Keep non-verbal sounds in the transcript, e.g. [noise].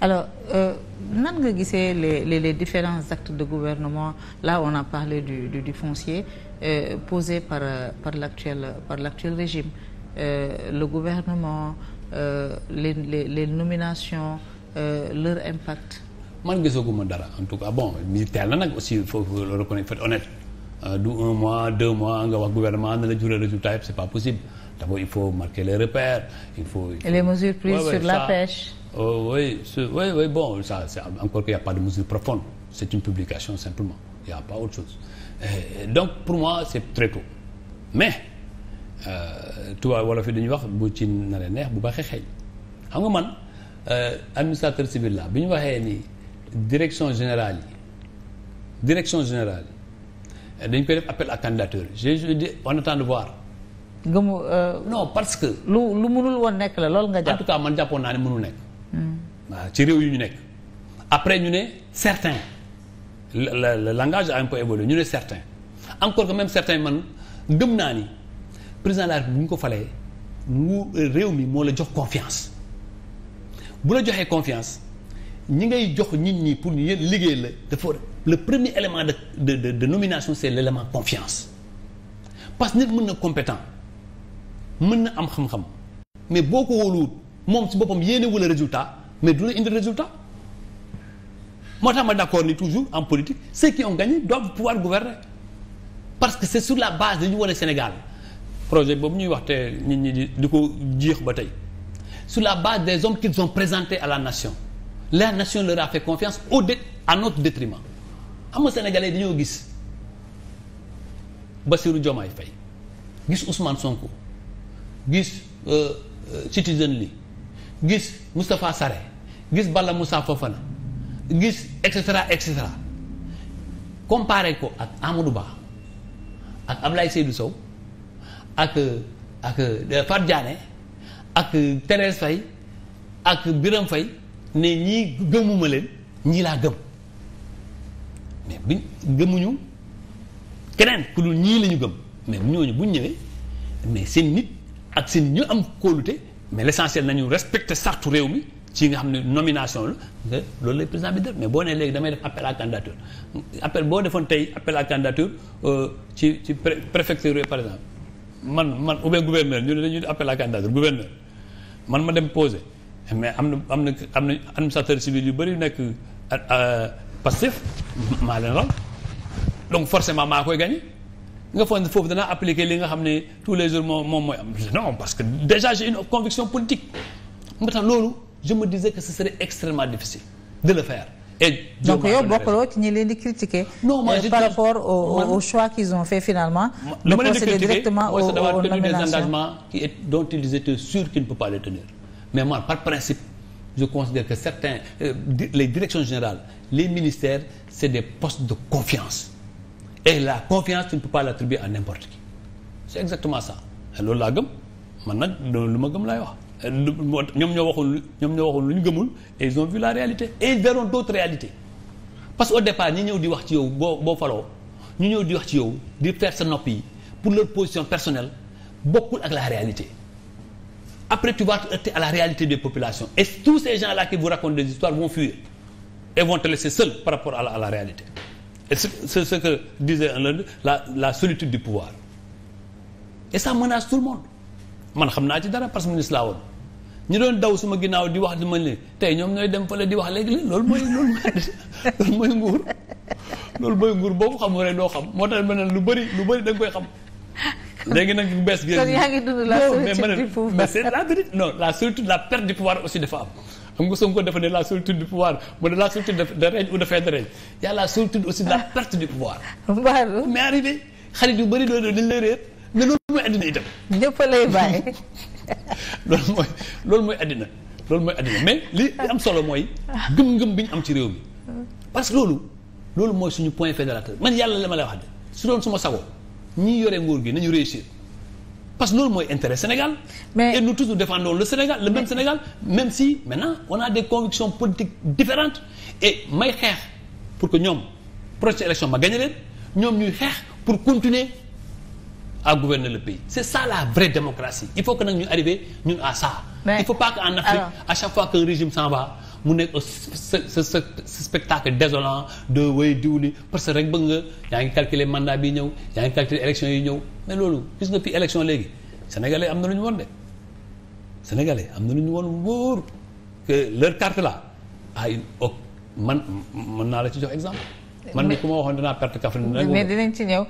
alors euh, nan nga gisee les les les différents actes de gouvernement là on a parlé du du, du foncier euh, posé par euh, par l'actuel par l'actuel régime euh, le gouvernement euh, les les les nominations euh, leur impact. man gisaguma dara en tout cas bon militaire la nag aussi il faut le reconnaître honnête du un mois deux mois nga wax gouvernement na la jure résultat yëpp c'est pas possible d'abord il faut marquer les repères et les mesures prises sur la pêche. Oh, oui, oui, oui, bon, ça, c'est encore qu'il n'y a pas de mesure profonde. C'est une publication simplement. Il n'y a pas autre chose. donc, pour moi, c'est très tôt. Mais, tubaab wala fi dañuy wax bu ci na neex bu baaxee xëy xam nga man euh, administrateur civil la bi ñu waxee ni direction générale yi direction général yi dañ koy def appel à candidature j'ai dit on attend de voir. gëmu. Euh, non parce que. lu lu mënul woon nekk la loolu nga jàpp. en tout man jàppoon naa ne mënul nekk. waaw ah, ci réew yu ñu nekk après ñu ne certain la le langage a un peu évolué ñu ne certain encore que même certain man gëm naa ni président de ko falee réew mi moo la jox confiance bu la joxee confiance ñi ngay jox nit ñi pour ñu yéen liggéey la dafa le premier élément de de de, de nomination c'est l'élément confiance parce que nit mën na compétent mën na am xam mais boo ko wóoluwut moom ci boppam yéene wala résultat mais du la indi résultat moo tax ma d'accord ni toujours en politique ceux qui ont gagné doivent pouvoir gouverner parce que c'est sur la base dañu wane Sénégal projet boobu ñuy waxte te nit ñi di di ko jiix ba tey sur la base des hommes qu'ils ont présentés à la nation la nation leur a fait confiance au dé à notre détriment ama nga dañoo gis Bassirou Diomaye Faye gis Ousmane Sonko gis euh, euh, Citizen Lee gis Moustapha Sarré gis Balla Moussa Fofana gis et cetera et cetera comparé ko ak Amadou Ba ak Ablaye Seydou Sow ak ak euh, Fatou Diané ak Thérèse Faye ak Birame Faye ne ñi gëmuma leen ñii laa gëm mais buñ gëmuñu keneen ku dul ñii lañu gëm mais ñooñu buñ ñëwee mais seen nit ak seen ñu am kóolute mais l' essentiel nañu respecter sartu réew mi ci nga xam ne nomination la loolu lay président bi def mais boo nee léegi damay def appel à candidature appel boo defoon tey appel candidature euh, ci ci préfecture yi par exemple man man ou bien gouverneur ñu ne dañuy appel à candidature gouverneur man ma dem poser mais am na am na am na administrateur civil yu bëri nekk euh, Pastef maa leen raw donc forcément maa koy gagné. nga foog ne foofu danaa appliquer li nga xam ne tous les jours moom moom non parce que déjà j'ai une conviction politique moo tax loolu je me disais que ce serait extrêmement difficile de le faire et donc yow bokkuloo ci ñi leen di critiquer non moi euh, par rapport au choix qu'ils ont fait finalement de procéder directement aux nominations c'est d'avoir tenu des engagements qui dont ils étaient sûrs qu'ils ne peuvent pas les tenir mais moi par principe je considère que certains euh, les directions générales les ministères des postes de confiance et la confiance tu ne peux pas l'attribuer à n'importe qui c'est exactement ça loolu laa gëm man nag lu ma gëm laay wax ñoom ñoo waxoon ñoom ñoo waxoon lu ñu gëmul et ils ont vu la réalité et ils verront d'autres réalités parce que au départ ñi ñëw di wax ci yow boo boo faloo ñu ñëw di wax ci yow di faire sa nopp yi pour leur position personnelle bokkul ak la réalité après tu vas te heurter à la réalité des populations et tous ces gens là qui vous racontent des histoires vont fuir Et c'est ce que disait un la la solitude du pouvoir et ça menace tout le man xam naa ci dara parce que ministre laa woon ñi doon daw suma ginnaaw di wax di ma leen tey ñoom ñooy dem fële di wax léegi leen loolu mooy loolu mooy nguur loolu mooy nguur boobu xamul rek doo xam moo tax ma ne lu bëri lu bëri da koy xam. léegi nag bu bees. kon yaa ngi dund la solitude du pouvoir mais c'est la la solitude la perte du pouvoir aussi dafa am. xam nga Sonko dafa ne la solitude du pouvoir bu ne la solitude de règne ou de fait de règne y a la solitude aussi de la perte du pouvoir. waaw mais arrivé xarit yu bëri loolu dañ la réer mais loolu mooy àddina ñëpp lay bàyyi. [laughs] loolu mooy loolu àddina loolu mooy àddina mais li am solo mooy gëm-gëm bi ñu am ci réew mi parce que loolu loolu mooy suñu point fédérateur man yàlla la ma lay wax de su doon suma sago ñi yore nguur gi nañu réussir. parce que loolu mooy intérêt Sénégal. mais et nous tous nous défendons le Sénégal le même Sénégal même si maintenant on a des convictions politiques différentes et may xeex pour que ñoom prochaine élection ma gagné leen ñoom ñuy xeex pour continuer à gouverner le pays. c'est ça la vraie démocratie il faut que nag ñu arrivé ñun à ça. il faut pas qu'en Afrique à chaque fois qu'un régime s'en va. mu nekk sa sa sa spectacle désolant de way diw li parce que rek bëgg nga yaa ngi calculer mandat bi ñëw yaa ngi calculer élection yi ñëw mais loolu gis nga fii élection léegi sénégalais am na lu ñu woon de sénégalais am na lu ñu woon wóor que leur carte là a ok man mën naa la ci jox exemple man ni ku ma waxoon dinaa perte Kaffrine mais dinañ ci ñëw